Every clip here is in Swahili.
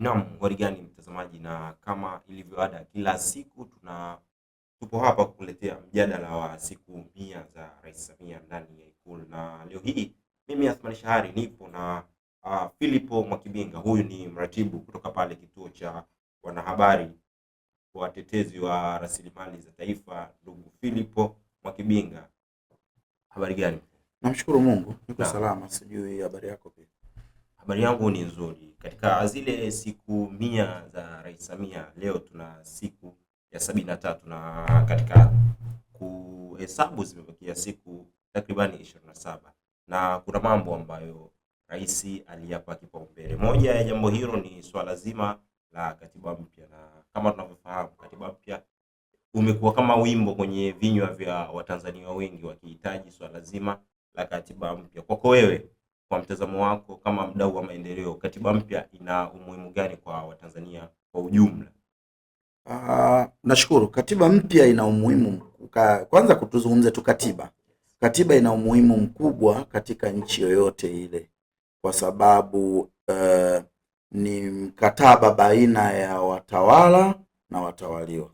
Naam, gani mtazamaji, na kama ilivyo ada, kila siku tuna tupo hapa kukuletea mjadala wa siku mia za Rais Samia ndani ya Ikulu, na leo hii mimi Athmani Shahari nipo na uh, Philipo Mwakibinga. Huyu ni mratibu kutoka pale kituo cha wanahabari kwa watetezi wa rasilimali za taifa. Ndugu Philipo Mwakibinga, habari gani? Namshukuru Mungu, niko salama. Sijui habari yako pia? Habari yangu ni nzuri. Katika zile siku mia za Rais Samia, leo tuna siku ya sabini na tatu na katika kuhesabu zimebakia siku takribani ishirini na saba na kuna mambo ambayo rais aliyapa kipaumbele. Moja ya jambo hilo ni swala zima la katiba mpya, na kama tunavyofahamu katiba mpya umekuwa kama wimbo kwenye vinywa vya Watanzania wengi wakihitaji swala zima la katiba mpya. Kwako wewe kwa mtazamo wako kama mdau wa maendeleo, katiba mpya ina umuhimu gani kwa Watanzania kwa ujumla? Uh, nashukuru. Katiba mpya ina umuhimu ka, kwanza kutuzungumze tu katiba. Katiba ina umuhimu mkubwa katika nchi yoyote ile, kwa sababu uh, ni mkataba baina ya watawala na watawaliwa.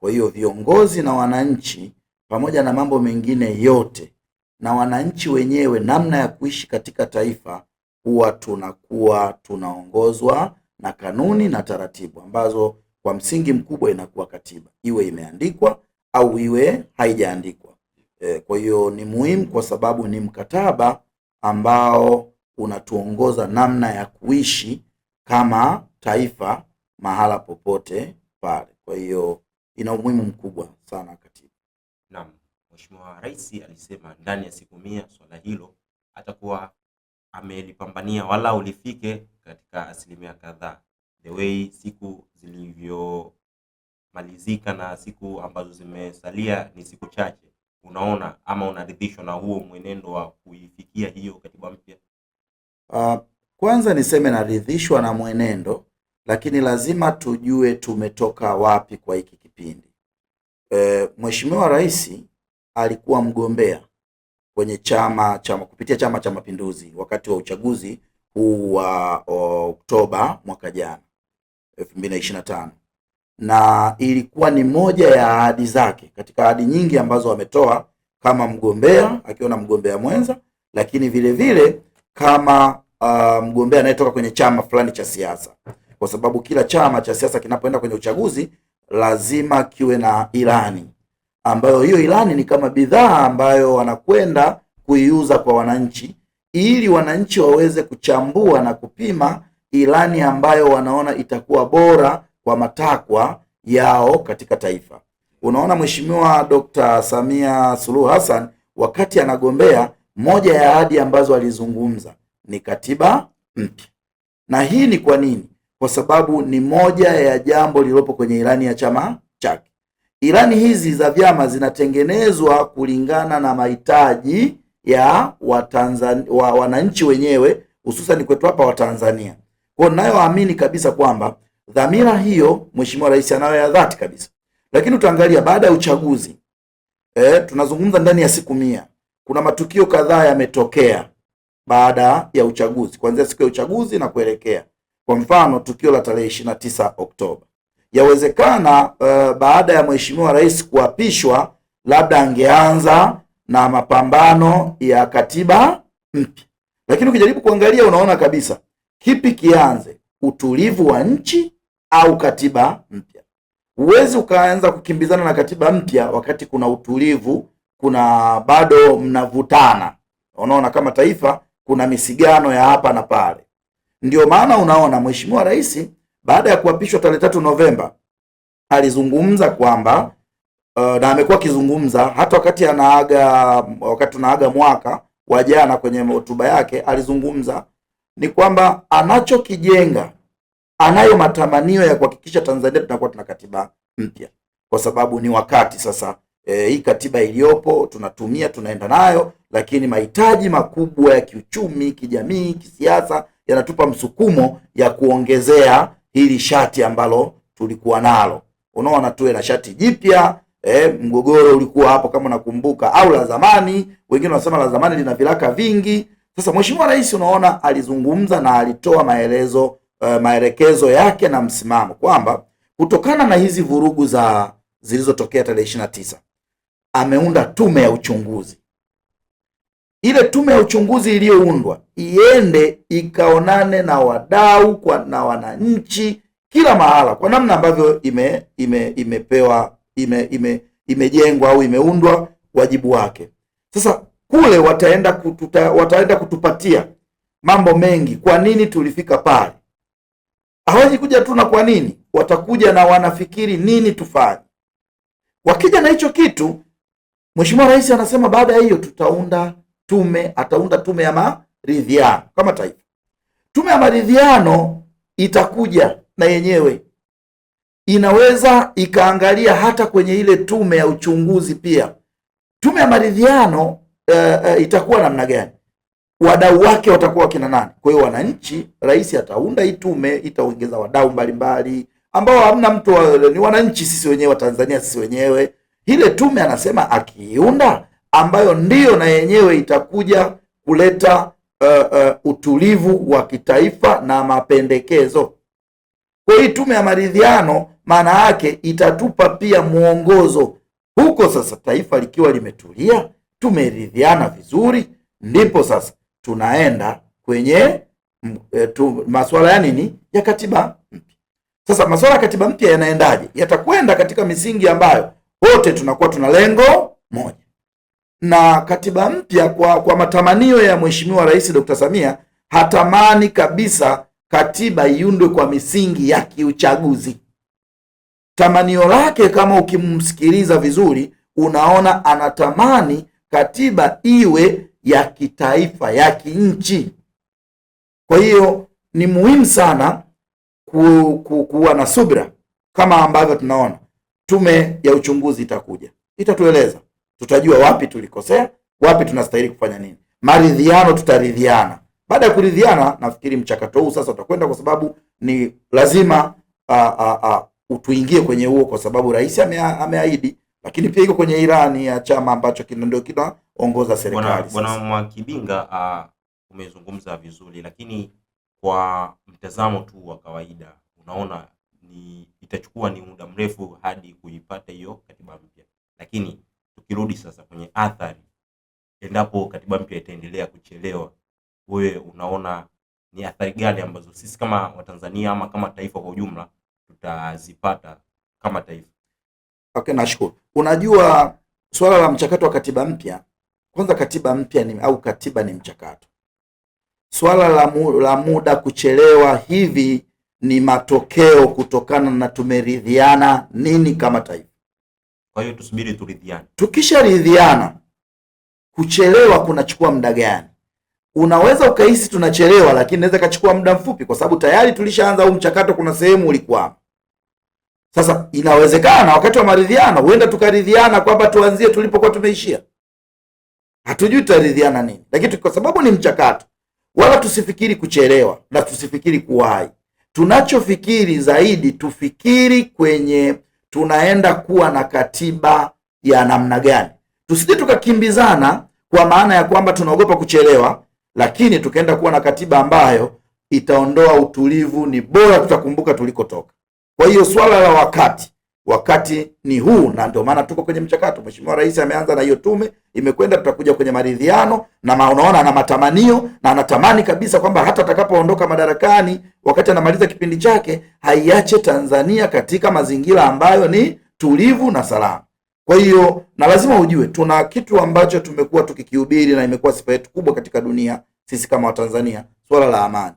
Kwa hiyo viongozi na wananchi, pamoja na mambo mengine yote, na wananchi wenyewe namna ya kuishi katika taifa, huwa tunakuwa tunaongozwa na kanuni na taratibu ambazo kwa msingi mkubwa inakuwa katiba, iwe imeandikwa au iwe haijaandikwa. E, kwa hiyo ni muhimu kwa sababu ni mkataba ambao unatuongoza namna ya kuishi kama taifa mahala popote pale. Kwa hiyo ina umuhimu mkubwa sana katiba. Naam. Mheshimiwa Rais alisema ndani ya siku mia swala hilo atakuwa amelipambania wala ulifike katika asilimia kadhaa. The way siku zilivyomalizika na siku ambazo zimesalia ni siku chache, unaona ama unaridhishwa na huo mwenendo wa kuifikia hiyo katiba mpya? Uh, kwanza niseme naridhishwa na mwenendo, lakini lazima tujue tumetoka wapi kwa hiki kipindi. E, Mheshimiwa Rais alikuwa mgombea kwenye chama chama kupitia Chama cha Mapinduzi wakati wa uchaguzi huu wa Oktoba mwaka jana 2025, na ilikuwa ni moja ya ahadi zake katika ahadi nyingi ambazo ametoa kama mgombea akiwa na mgombea mwenza, lakini vile vile kama uh, mgombea anayetoka kwenye chama fulani cha siasa, kwa sababu kila chama cha siasa kinapoenda kwenye uchaguzi lazima kiwe na ilani ambayo hiyo ilani ni kama bidhaa ambayo wanakwenda kuiuza kwa wananchi, ili wananchi waweze kuchambua na kupima ilani ambayo wanaona itakuwa bora kwa matakwa yao katika taifa. Unaona, Mheshimiwa Dr. Samia Suluhu Hassan wakati anagombea, moja ya ahadi ambazo alizungumza ni katiba mpya, na hii ni kwa nini? Kwa sababu ni moja ya jambo lililopo kwenye ilani ya chama chake. Ilani hizi za vyama zinatengenezwa kulingana na mahitaji ya Watanzania, wa, wananchi wenyewe hususan kwetu hapa Watanzania. Kwa ninayoamini kabisa kwamba dhamira hiyo Mheshimiwa Rais anayo ya dhati kabisa, lakini utaangalia baada ya uchaguzi eh, tunazungumza ndani ya siku mia, kuna matukio kadhaa yametokea baada ya uchaguzi, kuanzia siku ya uchaguzi na kuelekea. Kwa mfano tukio la tarehe 29 Oktoba Yawezekana uh, baada ya mheshimiwa rais kuapishwa, labda angeanza na mapambano ya katiba mpya, lakini ukijaribu kuangalia unaona kabisa kipi kianze, utulivu wa nchi au katiba mpya? Huwezi ukaanza kukimbizana na katiba mpya wakati kuna utulivu, kuna bado mnavutana. Unaona kama taifa kuna misigano ya hapa na pale, ndio maana unaona mheshimiwa rais baada ya kuapishwa tarehe tatu Novemba alizungumza kwamba uh, na amekuwa akizungumza hata wakati anaaga wakati tunaaga mwaka wa jana, kwenye hotuba yake alizungumza ni kwamba anachokijenga, anayo matamanio ya kuhakikisha Tanzania tunakuwa tuna katiba mpya, kwa sababu ni wakati sasa E, hii katiba iliyopo tunatumia tunaenda nayo, lakini mahitaji makubwa ya kiuchumi, kijamii, kisiasa yanatupa msukumo ya kuongezea hili shati ambalo tulikuwa nalo. Unaona, tuwe na shati jipya. Eh, mgogoro ulikuwa hapo kama nakumbuka, au la zamani. Wengine wanasema la zamani lina viraka vingi. Sasa Mheshimiwa Rais unaona alizungumza na alitoa maelezo uh, maelekezo yake na msimamo kwamba kutokana na hizi vurugu za zilizotokea tarehe 29 ameunda tume ya uchunguzi ile tume ya uchunguzi iliyoundwa iende ikaonane na wadau kwa na wananchi kila mahala, kwa namna ambavyo ime, ime, imepewa ime, ime, imejengwa au imeundwa wajibu wake. Sasa kule wataenda kututa, wataenda kutupatia mambo mengi, kwa nini tulifika pale. Hawaji kuja tu na kwa nini, watakuja na wanafikiri nini tufanye. Wakija na hicho kitu, Mheshimiwa Rais anasema baada ya hiyo tutaunda tume, ataunda tume ya maridhiano kama taifa. Tume ya maridhiano itakuja na yenyewe inaweza ikaangalia hata kwenye ile tume ya uchunguzi pia. Tume ya maridhiano uh, uh, itakuwa namna gani? Wadau wake watakuwa kina nani? Kwa hiyo wananchi, rais ataunda hii tume, itaongeza wadau mbalimbali ambao hamna mtu, ni wananchi sisi wenyewe wa Tanzania, sisi wenyewe. Ile tume anasema akiiunda ambayo ndiyo na yenyewe itakuja kuleta uh, uh, utulivu wa kitaifa na mapendekezo. Kwa hii tume ya maridhiano, maana yake itatupa pia mwongozo huko. Sasa taifa likiwa limetulia, tumeridhiana vizuri, ndipo sasa tunaenda kwenye mm, e, tu, masuala ya nini ya katiba mpya. Sasa masuala ya katiba mpya yanaendaje? Yatakwenda katika misingi ambayo wote tunakuwa tuna lengo moja na katiba mpya kwa, kwa matamanio ya Mheshimiwa Rais Dr. Samia hatamani kabisa katiba iundwe kwa misingi ya kiuchaguzi. Tamanio lake kama ukimsikiliza vizuri, unaona anatamani katiba iwe ya kitaifa, ya kinchi. Kwa hiyo ni muhimu sana ku, ku, kuwa na subira, kama ambavyo tunaona tume ya uchunguzi itakuja, itatueleza tutajua wapi tulikosea, wapi tunastahili kufanya nini. Maridhiano, tutaridhiana. Baada ya kuridhiana, nafikiri mchakato huu sasa utakwenda, kwa sababu ni lazima a, a, a, utuingie kwenye huo, kwa sababu rais ameahidi, lakini pia iko kwenye irani ya chama ambacho ndio kinaongoza serikali. Bwana Mwakibinga, uh, umezungumza vizuri, lakini kwa mtazamo tu wa kawaida unaona ni itachukua ni muda mrefu hadi kuipata hiyo katiba mpya, lakini tukirudi sasa kwenye athari, endapo katiba mpya itaendelea kuchelewa, wewe unaona ni athari gani ambazo sisi kama Watanzania ama kama taifa kwa ujumla tutazipata kama taifa? Okay, nashukuru. Unajua swala la mchakato wa katiba mpya, kwanza katiba mpya ni, au katiba ni mchakato. swala la, mu, la muda kuchelewa hivi ni matokeo kutokana na tumeridhiana nini kama taifa kwa hiyo tusubiri turidhiane. Tukisharidhiana, kuchelewa kunachukua muda gani? Unaweza ukahisi tunachelewa, lakini naweza kachukua muda mfupi, kwa sababu tayari tulishaanza huu mchakato. Kuna sehemu ulikwama. Sasa inawezekana wakati wa maridhiano, huenda tukaridhiana kwamba tuanzie tulipokuwa tumeishia. Hatujui tutaridhiana nini, lakini kwa sababu ni mchakato, wala tusifikiri kuchelewa na tusifikiri kuwahi. Tunachofikiri zaidi, tufikiri kwenye tunaenda kuwa na katiba ya namna gani. Tusije tukakimbizana kwa maana ya kwamba tunaogopa kuchelewa, lakini tukaenda kuwa na katiba ambayo itaondoa utulivu. Ni bora tutakumbuka tulikotoka. Kwa hiyo swala la wakati wakati ni huu, na ndio maana tuko kwenye mchakato. Mheshimiwa Rais ameanza na hiyo tume, imekwenda tutakuja kwenye maridhiano, na unaona ana matamanio na anatamani kabisa kwamba hata atakapoondoka madarakani, wakati anamaliza kipindi chake, haiache Tanzania katika mazingira ambayo ni tulivu na salama. Kwa hiyo na lazima ujue tuna kitu ambacho tumekuwa tukikihubiri na imekuwa sifa yetu kubwa katika dunia, sisi kama Watanzania, swala la amani.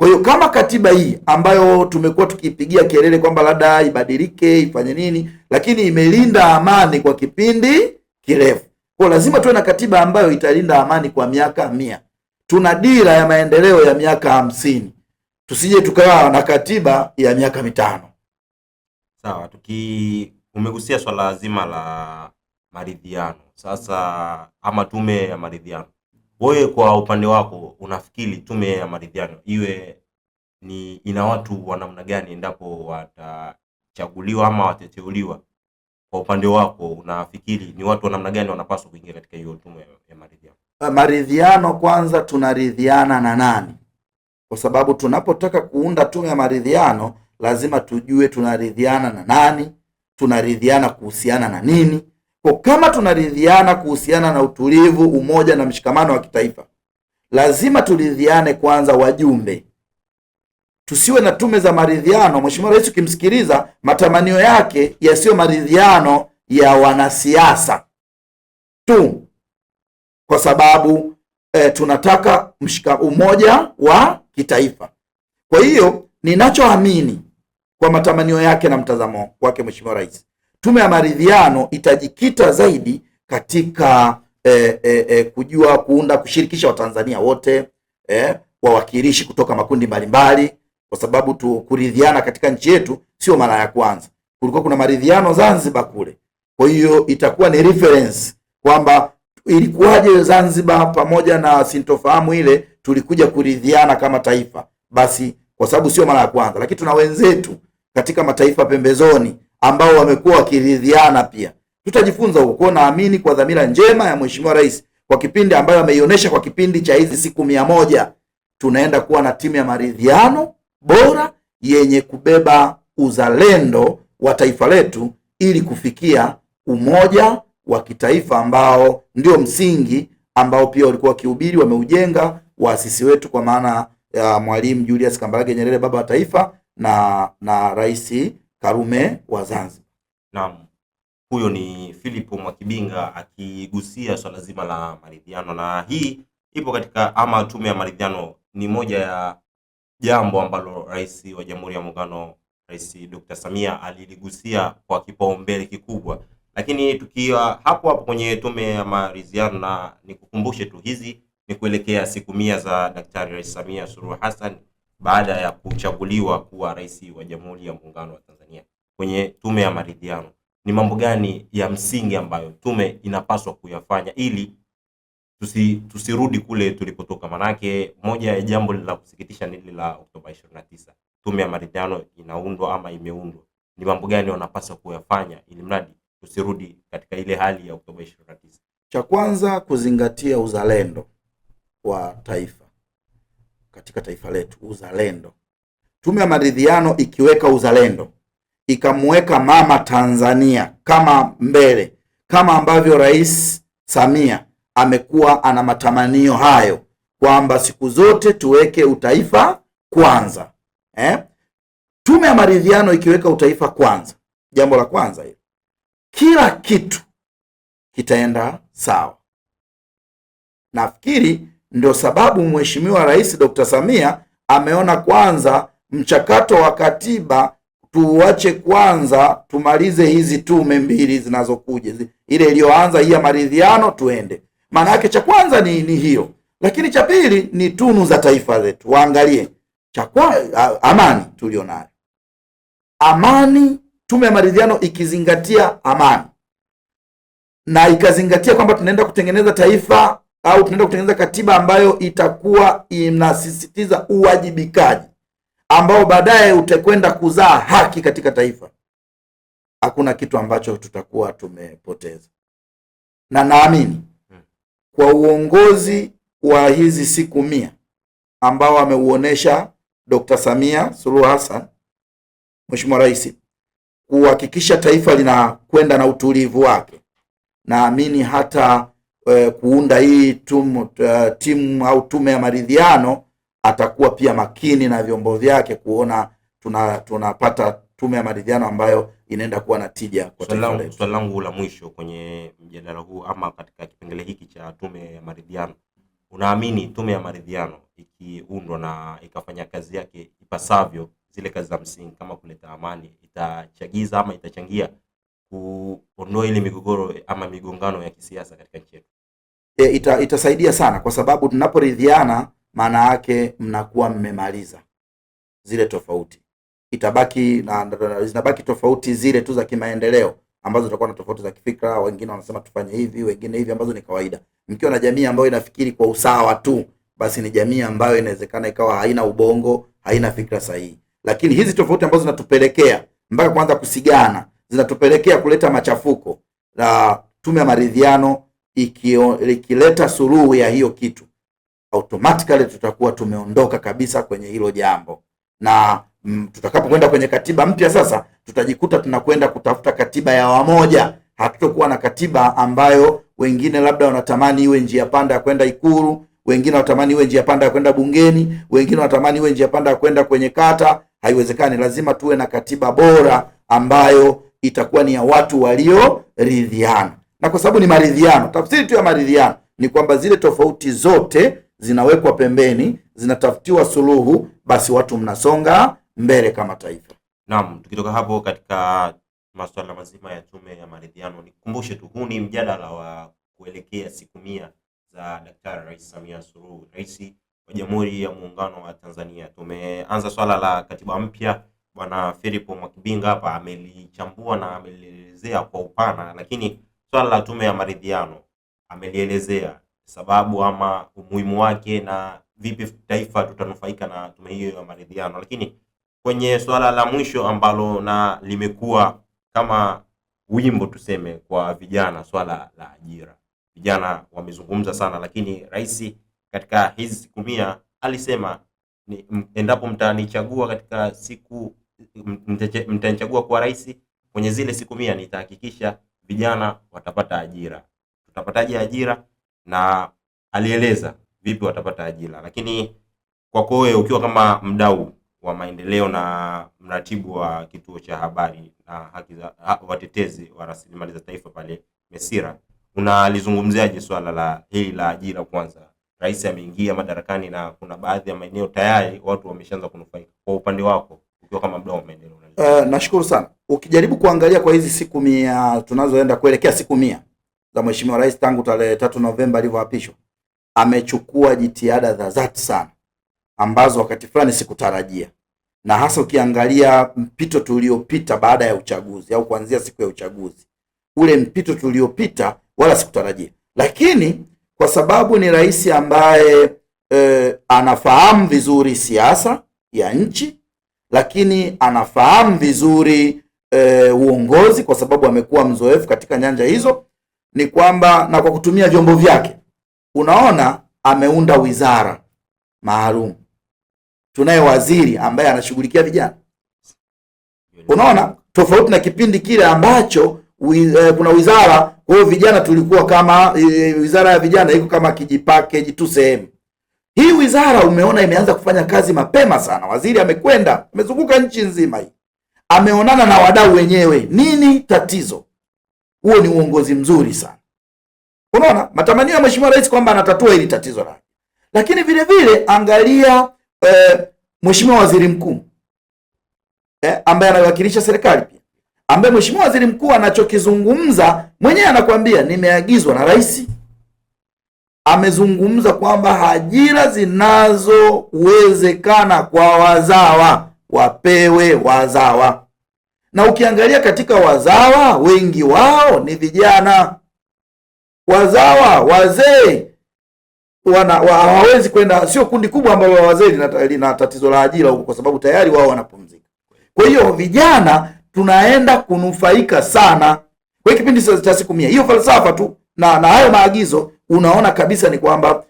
Kwa hiyo kama katiba hii ambayo tumekuwa tukipigia kelele kwamba labda ibadilike ifanye nini, lakini imelinda amani kwa kipindi kirefu, kwa lazima tuwe na katiba ambayo italinda amani kwa miaka mia. Tuna dira ya maendeleo ya miaka hamsini, tusije tukawa na katiba ya miaka mitano. Sawa, tuki umegusia swala zima la maridhiano sasa, ama tume ya maridhiano wewe kwa upande wako unafikiri tume ya maridhiano iwe ni ina watu wa namna gani endapo watachaguliwa ama watateuliwa? Kwa upande wako unafikiri ni watu wa namna gani wanapaswa kuingia katika hiyo tume ya maridhiano? Eh, maridhiano kwanza, tunaridhiana na nani? Kwa sababu tunapotaka kuunda tume ya maridhiano lazima tujue tunaridhiana na nani, tunaridhiana kuhusiana na nini kwa kama tunaridhiana kuhusiana na utulivu, umoja na mshikamano wa kitaifa, lazima turidhiane kwanza wajumbe. Tusiwe na tume za maridhiano. Mheshimiwa Rais ukimsikiliza, matamanio yake yasiyo maridhiano ya wanasiasa tu, kwa sababu e, tunataka mshika umoja wa kitaifa. Kwa hiyo ninachoamini kwa matamanio yake na mtazamo wake Mheshimiwa Rais tume ya maridhiano itajikita zaidi katika eh, eh, eh, kujua kuunda kushirikisha Watanzania wote eh, wawakilishi kutoka makundi mbalimbali, kwa sababu tu kuridhiana katika nchi yetu sio mara ya kwanza. Kulikuwa kuna maridhiano Zanzibar kule, kwa hiyo itakuwa ni reference kwamba ilikuwaje Zanzibar, pamoja na sintofahamu ile, tulikuja kuridhiana kama taifa. Basi kwa sababu sio mara ya kwanza, lakini tuna wenzetu katika mataifa pembezoni ambao wamekuwa wakiridhiana pia. Tutajifunza huko. Naamini kwa dhamira njema ya Mheshimiwa Rais kwa kipindi ambayo ameionyesha kwa kipindi cha hizi siku mia moja tunaenda kuwa na timu ya maridhiano bora yenye kubeba uzalendo wa taifa letu ili kufikia umoja wa kitaifa ambao ndio msingi ambao pia walikuwa wakihubiri wameujenga waasisi wetu kwa maana ya Mwalimu Julius Kambarage Nyerere, baba wa taifa na na Rais Karume wa Zanzibar. Naam. Huyo ni Philip Mwakibinga akigusia swala zima la maridhiano, na hii ipo katika ama tume ya maridhiano ni moja ya jambo ambalo rais wa Jamhuri ya Muungano, Rais Dr. Samia aliligusia kwa kipaumbele kikubwa. Lakini tukiwa hapo hapo kwenye tume ya maridhiano, na nikukumbushe tu hizi ni kuelekea siku mia za Daktari Rais Samia Suluhu Hassan baada ya kuchaguliwa kuwa rais wa Jamhuri ya Muungano wa Tanzania kwenye tume ya maridhiano? Ni mambo gani ya msingi ambayo tume inapaswa kuyafanya ili tusi, tusirudi kule tulipotoka? Manake moja ya jambo la kusikitisha ni lile la Oktoba 29. Tume ya maridhiano inaundwa ama imeundwa, ni mambo gani wanapaswa kuyafanya ili mradi tusirudi katika ile hali ya Oktoba 29? Cha kwanza kuzingatia uzalendo wa taifa katika taifa letu, uzalendo. Tume ya maridhiano ikiweka uzalendo ikamweka mama Tanzania kama mbele, kama ambavyo Rais Samia amekuwa ana matamanio hayo kwamba siku zote tuweke utaifa kwanza eh? Tume ya maridhiano ikiweka utaifa kwanza, jambo la kwanza hilo, kila kitu kitaenda sawa. Nafikiri ndio sababu Mheshimiwa Rais Dr. Samia ameona kwanza mchakato wa katiba tuache kwanza, tumalize hizi tume mbili zinazokuja, ile iliyoanza hii ya maridhiano, tuende. Maana yake cha kwanza ni, ni hiyo, lakini cha pili ni tunu za taifa letu. Waangalie cha a, amani tulionayo, amani. Tume ya maridhiano ikizingatia amani na ikazingatia kwamba tunaenda kutengeneza taifa au tunaenda kutengeneza katiba ambayo itakuwa inasisitiza uwajibikaji ambao baadaye utakwenda kuzaa haki katika taifa, hakuna kitu ambacho tutakuwa tumepoteza. Na naamini hmm. kwa uongozi wa hizi siku mia ambao ameuonesha Dr. Samia Suluhu Hassan, Mheshimiwa Rais, kuhakikisha taifa linakwenda na utulivu wake, naamini hata e, kuunda hii tumu, eh, timu au tume ya maridhiano atakuwa pia makini na vyombo vyake kuona tunapata tuna tume ya maridhiano ambayo inaenda kuwa na tija kwa taifa letu. Swali langu la mwisho kwenye mjadala huu ama katika kipengele hiki cha tume ya maridhiano, unaamini tume ya maridhiano ikiundwa na ikafanya kazi yake ipasavyo, zile kazi za msingi kama kuleta amani, itachagiza ama itachangia kuondoa ile migogoro ama migongano ya kisiasa katika nchi yetu? E, ita, itasaidia sana kwa sababu tunaporidhiana maana yake mnakuwa mmemaliza zile tofauti, itabaki na, na, zinabaki tofauti zile tu za kimaendeleo ambazo zitakuwa na tofauti za kifikra. Wengine wanasema tufanye hivi, wengine hivi, ambazo ni kawaida. Mkiwa na jamii ambayo inafikiri kwa usawa tu, basi ni jamii ambayo inawezekana ikawa haina ubongo, haina fikra sahihi. Lakini hizi tofauti ambazo zinatupelekea mpaka kwanza kusigana, zinatupelekea kuleta machafuko, na tume ya maridhiano ikileta suluhu ya hiyo kitu automatically tutakuwa tumeondoka kabisa kwenye hilo jambo, na mm, tutakapokwenda kwenye katiba mpya sasa, tutajikuta tunakwenda kutafuta katiba ya wamoja. Hatutokuwa na katiba ambayo wengine labda wanatamani iwe njia panda ya kwenda Ikulu, wengine wanatamani iwe njia panda ya kwenda bungeni, wengine wanatamani iwe njia panda ya kwenda kwenye kata. Haiwezekani, lazima tuwe na katiba bora ambayo itakuwa ni ya watu walioridhiana, na kwa sababu ni maridhiano, tafsiri tu ya maridhiano ni kwamba zile tofauti zote zinawekwa pembeni, zinatafutiwa suluhu, basi watu mnasonga mbele kama taifa. Naam, tukitoka hapo katika masuala mazima ya tume ya maridhiano, nikukumbushe tu, huu ni mjadala wa kuelekea siku mia za Daktari Rais Samia Suluhu, rais wa Jamhuri ya Muungano wa Tanzania. Tumeanza swala la katiba mpya, bwana Filipo Mwakibinga hapa amelichambua na amelielezea kwa upana, lakini swala la tume ya maridhiano amelielezea sababu ama umuhimu wake na vipi taifa tutanufaika na tume hiyo ya maridhiano. Lakini kwenye suala la mwisho ambalo na limekuwa kama wimbo tuseme kwa vijana, swala la ajira, vijana wamezungumza sana, lakini rais katika hizi siku mia alisema ni, endapo mtanichagua katika siku mtanichagua kuwa rais kwenye zile siku mia nitahakikisha vijana watapata ajira. Tutapataje ajira? na alieleza vipi watapata ajira. Lakini kwako wewe ukiwa kama mdau wa maendeleo na mratibu wa kituo cha habari na haki za ha, watetezi wa rasilimali za taifa pale Mesira, unalizungumziaje swala la hili la ajira? Kwanza rais ameingia madarakani na kuna baadhi ya maeneo tayari watu wameshaanza kunufaika. Kwa upande wako ukiwa kama mdau wa maendeleo, uh, nashukuru sana. Ukijaribu kuangalia kwa hizi siku mia tunazoenda kuelekea siku mia za Mheshimiwa Rais tangu tarehe tatu Novemba alivyoapishwa, amechukua jitihada za dhati sana ambazo wakati fulani sikutarajia, na hasa ukiangalia mpito tuliopita baada ya uchaguzi au kuanzia siku ya uchaguzi, ule mpito tuliopita wala sikutarajia, lakini kwa sababu ni rais ambaye e, anafahamu vizuri siasa ya nchi, lakini anafahamu vizuri e, uongozi kwa sababu amekuwa mzoefu katika nyanja hizo ni kwamba na kwa kutumia vyombo vyake, unaona ameunda wizara maalum, tunaye waziri ambaye anashughulikia vijana. Unaona tofauti na kipindi kile ambacho eh, kuna wizara, kwa hiyo vijana tulikuwa kama eh, wizara ya vijana iko kama kijipakeji tu sehemu hii wizara umeona imeanza kufanya kazi mapema sana. Waziri amekwenda amezunguka nchi nzima hii, ameonana na wadau wenyewe. Nini tatizo? Huo ni uongozi mzuri sana. Unaona matamanio ya mheshimiwa rais kwamba anatatua hili tatizo lake, lakini vile vile angalia e, mheshimiwa waziri mkuu e, ambaye anawakilisha serikali pia, ambaye mheshimiwa waziri mkuu anachokizungumza mwenyewe anakuambia nimeagizwa na rais amezungumza kwamba ajira zinazowezekana kwa wazawa wapewe wazawa na ukiangalia katika wazawa wengi wao ni vijana. Wazawa wazee hawawezi wa, kwenda, sio kundi kubwa ambalo wazee lina, lina tatizo la ajira huko, kwa sababu tayari wao wanapumzika. Kwa hiyo vijana tunaenda kunufaika sana kwa kipindi cha siku mia. Hiyo falsafa tu na na hayo maagizo, unaona kabisa ni kwamba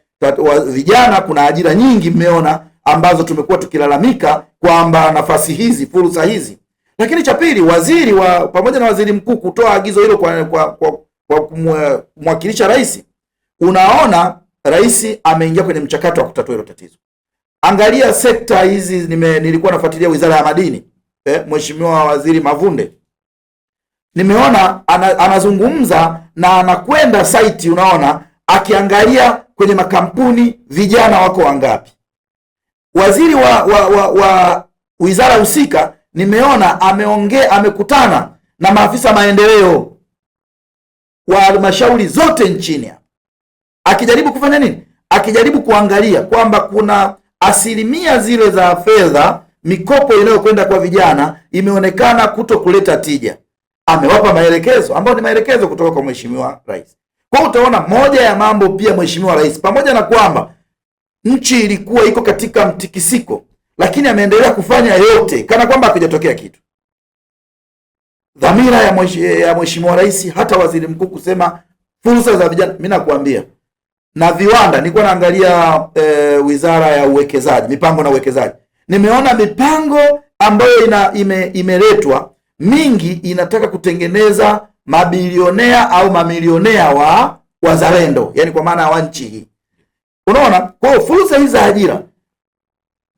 vijana, kuna ajira nyingi mmeona ambazo tumekuwa tukilalamika kwamba nafasi hizi, fursa hizi lakini cha pili, waziri wa pamoja na waziri mkuu kutoa agizo hilo kwa, kwa, kwa, kwa kumwakilisha rais, unaona rais ameingia kwenye mchakato wa kutatua hilo tatizo. Angalia sekta hizi, nilikuwa nafuatilia wizara ya madini eh, mheshimiwa waziri Mavunde nimeona ana, anazungumza na anakwenda saiti, unaona akiangalia kwenye makampuni vijana wako wangapi. Waziri wa, wa, wa, wa wizara husika nimeona ameongea, amekutana na maafisa maendeleo wa halmashauri zote nchini, akijaribu kufanya nini? Akijaribu kuangalia kwamba kuna asilimia zile za fedha, mikopo inayokwenda kwa vijana imeonekana kuto kuleta tija. Amewapa maelekezo ambayo ni maelekezo kutoka kwa Mheshimiwa Rais. Kwa utaona moja ya mambo pia Mheshimiwa Rais, pamoja na kwamba nchi ilikuwa iko katika mtikisiko lakini ameendelea kufanya yote kana kwamba hakijatokea kitu. Dhamira ya mheshimiwa rais, hata waziri mkuu kusema fursa za vijana, mimi nakwambia na viwanda. Nilikuwa naangalia e, wizara ya uwekezaji, mipango na uwekezaji, nimeona mipango ambayo ina, ime, imeletwa mingi inataka kutengeneza mabilionea au mamilionea wa wazalendo, yani kwa maana wa nchi hii. Unaona, kwa hiyo fursa hizi za ajira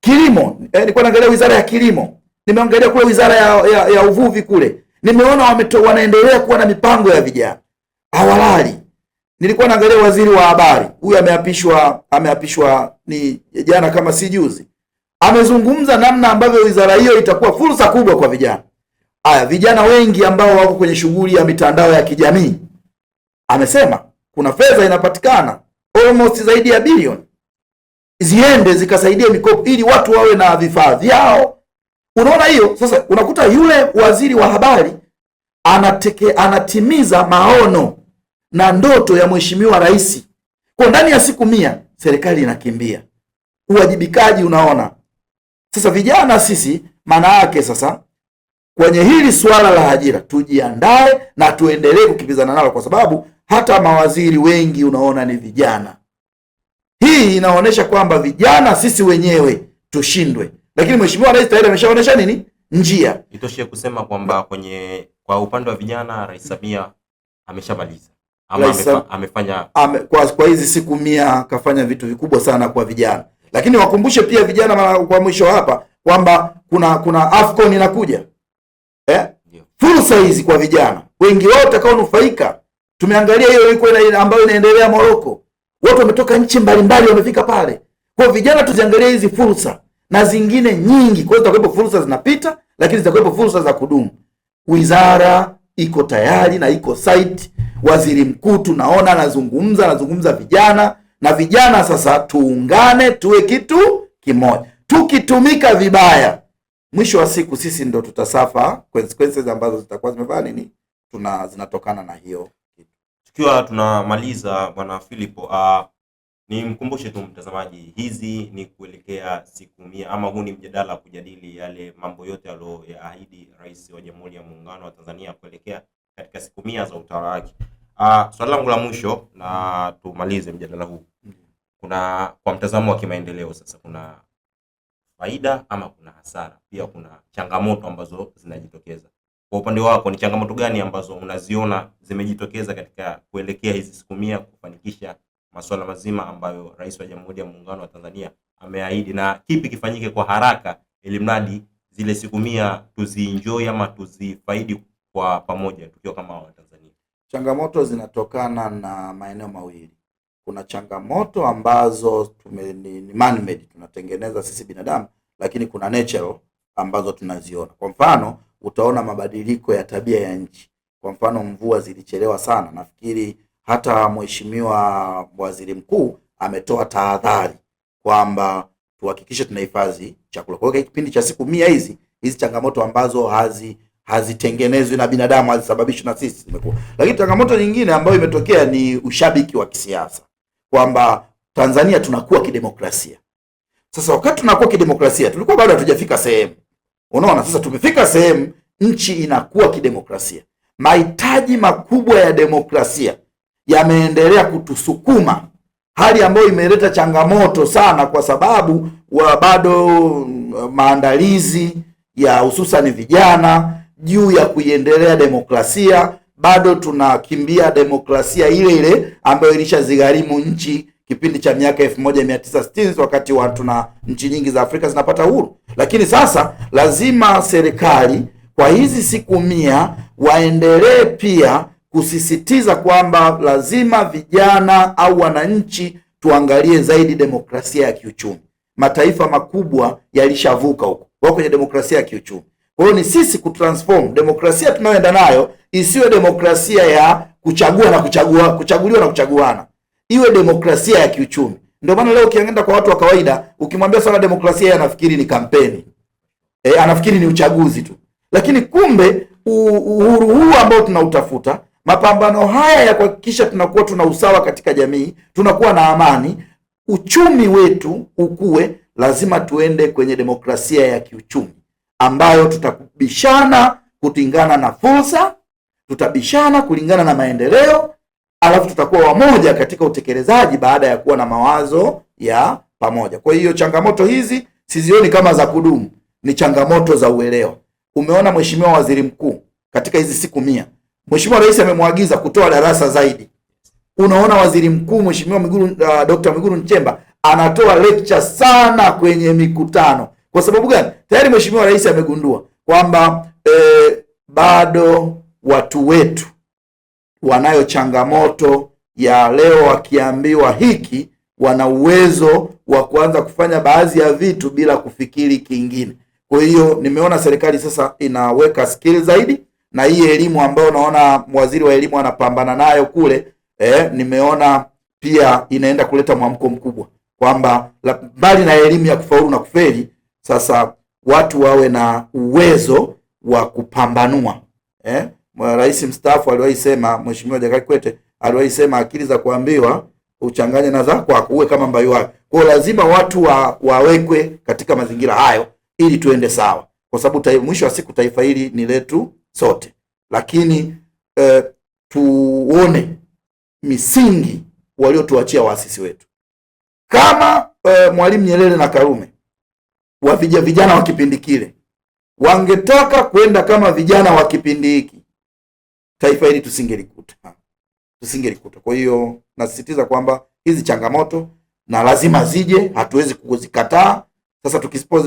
Kilimo eh, nilikuwa naangalia wizara ya kilimo, nimeangalia kule wizara ya, ya, ya uvuvi kule, nimeona wameto, wanaendelea kuwa na mipango ya vijana hawalali. Nilikuwa naangalia waziri wa habari huyu ameapishwa, ameapishwa ni jana kama si juzi, amezungumza namna ambavyo wizara hiyo itakuwa fursa kubwa kwa vijana. Haya, vijana wengi ambao wako kwenye shughuli ya mitandao ya kijamii, amesema kuna fedha inapatikana almost zaidi ya bilioni ziende zikasaidia mikopo ili watu wawe na vifaa vyao. Unaona hiyo sasa, unakuta yule waziri wa habari anateke, anatimiza maono na ndoto ya mheshimiwa rais. Kwa ndani ya siku mia serikali inakimbia. Uwajibikaji unaona sasa, vijana sisi, maana yake sasa kwenye hili suala la ajira tujiandae na tuendelee kukimbizana nalo, kwa sababu hata mawaziri wengi unaona ni vijana. Hii inaonyesha kwamba vijana sisi wenyewe tushindwe, lakini mheshimiwa rais tayari ameshaonyesha nini njia. Itoshie kusema kwamba kwenye kwa upande wa vijana rais Samia ameshamaliza ama amefanya ame, kwa, kwa hizi siku mia kafanya vitu vikubwa sana kwa vijana, lakini wakumbushe pia vijana kwa mwisho hapa kwamba kuna kuna AFCON inakuja eh? Yeah. Fursa hizi kwa vijana wengi wao watakaonufaika, tumeangalia hiyo iko ambayo inaendelea Morocco watu wametoka nchi mbalimbali wamefika pale. Kwa vijana, tuziangalie hizi fursa na zingine nyingi. Kwa hiyo zitakuwepo fursa zinapita, lakini zitakuwepo fursa za kudumu. Wizara iko tayari na iko site. Waziri mkuu tunaona anazungumza, anazungumza vijana na vijana. Sasa tuungane, tuwe kitu kimoja. Tukitumika vibaya, mwisho wa siku sisi ndo tutasafa consequences ambazo zitakuwa zimevaa nini, tuna zinatokana na hiyo Tukiwa tunamaliza bwana Philipo, uh, ah, ni mkumbushe tu mtazamaji, hizi ni kuelekea siku mia, ama huu ni mjadala kujadili yale mambo yote aliyoyaahidi Rais wa Jamhuri ya Muungano wa Tanzania kuelekea katika siku mia za utawala wake. Uh, swali langu la mwisho na tumalize mjadala huu, kuna kwa mtazamo wa kimaendeleo sasa, kuna faida ama kuna hasara, pia kuna changamoto ambazo zinajitokeza. Kwa upande wako ni changamoto gani ambazo unaziona zimejitokeza katika kuelekea hizi siku mia kufanikisha masuala mazima ambayo Rais wa Jamhuri ya Muungano wa Tanzania ameahidi, na kipi kifanyike kwa haraka ili mradi zile siku mia tuzienjoy ama tuzifaidi kwa pamoja tukiwa kama Watanzania? Changamoto zinatokana na maeneo mawili. Kuna changamoto ambazo tume, ni, ni man-made tunatengeneza sisi binadamu, lakini kuna natural ambazo tunaziona kwa mfano utaona mabadiliko ya tabia ya nchi. Kwa mfano, mvua zilichelewa sana. Nafikiri hata mheshimiwa waziri mkuu ametoa tahadhari kwamba tuhakikishe tunahifadhi chakula. Kwa hiyo kipindi cha siku mia hizi hizi changamoto ambazo hazi hazitengenezwi na binadamu hazisababishwi na sisi zimekuwa. Lakini changamoto nyingine ambayo imetokea ni ushabiki wa kisiasa kwamba Tanzania tunakuwa kidemokrasia. Sasa wakati tunakuwa kidemokrasia, tulikuwa bado hatujafika sehemu Unaona, sasa tumefika sehemu nchi inakuwa kidemokrasia. Mahitaji makubwa ya demokrasia yameendelea kutusukuma, hali ambayo imeleta changamoto sana, kwa sababu wa bado uh, maandalizi ya hususani vijana juu ya kuiendelea demokrasia, bado tunakimbia demokrasia ile ile ambayo ilishazigharimu nchi kipindi cha miaka 1960 wakati watu na nchi nyingi za Afrika zinapata uhuru. Lakini sasa lazima serikali kwa hizi siku mia waendelee pia kusisitiza kwamba lazima vijana au wananchi tuangalie zaidi demokrasia ya kiuchumi. Mataifa makubwa yalishavuka huko, wako kwenye demokrasia ya kiuchumi. Kwa hiyo ni sisi kutransform demokrasia tunayoenda nayo isiwe demokrasia ya kuchagua na kuchagua, kuchaguliwa na kuchaguana iwe demokrasia ya kiuchumi. Ndio maana leo ukienda kwa watu wa kawaida, ukimwambia swala demokrasia, anafikiri ni kampeni e, anafikiri ni uchaguzi tu, lakini kumbe uhuru huu ambao tunautafuta, mapambano haya ya kuhakikisha tunakuwa tuna usawa katika jamii, tunakuwa na amani, uchumi wetu ukue, lazima tuende kwenye demokrasia ya kiuchumi ambayo tutabishana kulingana na fursa, tutabishana kulingana na maendeleo alafu tutakuwa wamoja katika utekelezaji baada ya kuwa na mawazo ya pamoja. Kwa hiyo changamoto hizi sizioni kama za kudumu, ni changamoto za uelewa. Umeona Mheshimiwa Waziri Mkuu katika hizi siku mia, Mheshimiwa Rais amemwagiza kutoa darasa zaidi. Unaona Waziri Mkuu Mheshimiwa Miguru, uh, Dr. Miguru Nchemba anatoa lecture sana kwenye mikutano. Kwa sababu gani? Tayari Mheshimiwa Rais amegundua kwamba eh, bado watu wetu wanayo changamoto ya leo, wakiambiwa hiki, wana uwezo wa kuanza kufanya baadhi ya vitu bila kufikiri kingine. Kwa hiyo nimeona serikali sasa inaweka skill zaidi, na hii elimu ambayo naona waziri wa elimu anapambana nayo kule eh, nimeona pia inaenda kuleta mwamko mkubwa kwamba mbali na elimu ya kufaulu na kufeli, sasa watu wawe na uwezo wa kupambanua eh rais mstaafu aliwahi sema, Mheshimiwa Jakaya Kikwete aliwahi sema, akili za kuambiwa uchanganye na za kwako, uwe kama mbayu wako. Kwa lazima watu wa, wawekwe katika mazingira hayo ili tuende sawa, kwa sababu mwisho wa siku taifa hili ni letu sote, lakini e, tuone misingi waliotuachia waasisi wetu kama e, Mwalimu Nyerere na Karume wa vijana wa kipindi kile wangetaka kwenda kama vijana wa kipindi hiki taifa hili tusingelikuta, tusingelikuta. Kwa hiyo nasisitiza kwamba hizi changamoto na lazima zije, hatuwezi kuzikataa. Sasa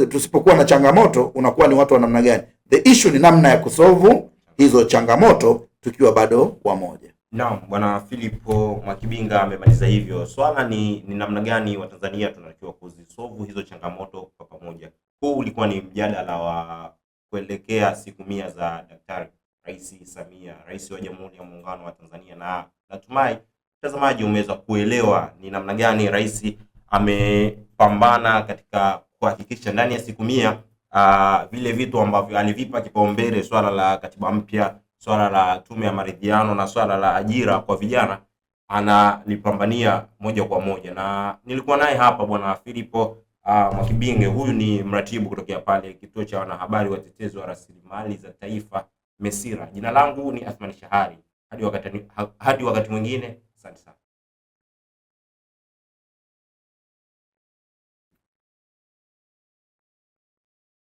tusipokuwa na changamoto, unakuwa ni watu wa namna gani? The issue ni namna ya kusolve hizo changamoto tukiwa bado wamoja. Naam, bwana Filipo Mwakibinga amemaliza hivyo. Swala ni, ni namna gani Watanzania tunatakiwa kuzisovu hizo changamoto kwa pamoja. Huu ulikuwa ni mjadala wa kuelekea siku mia za daktari Rais Samia, rais wa Jamhuri ya Muungano wa Tanzania, na natumai mtazamaji umeweza kuelewa ni namna gani rais amepambana katika kuhakikisha ndani ya siku mia uh, vile vitu ambavyo alivipa kipaumbele, swala la katiba mpya, swala la tume ya maridhiano na swala la ajira kwa vijana analipambania moja kwa moja, na nilikuwa naye hapa bwana Filipo Uh, Mwakibinge huyu ni mratibu kutokea pale kituo cha wanahabari watetezi wa rasilimali za taifa Mesira. Jina langu ni Athman Shahari. Hadi wakati, hadi wakati mwingine, asante sana.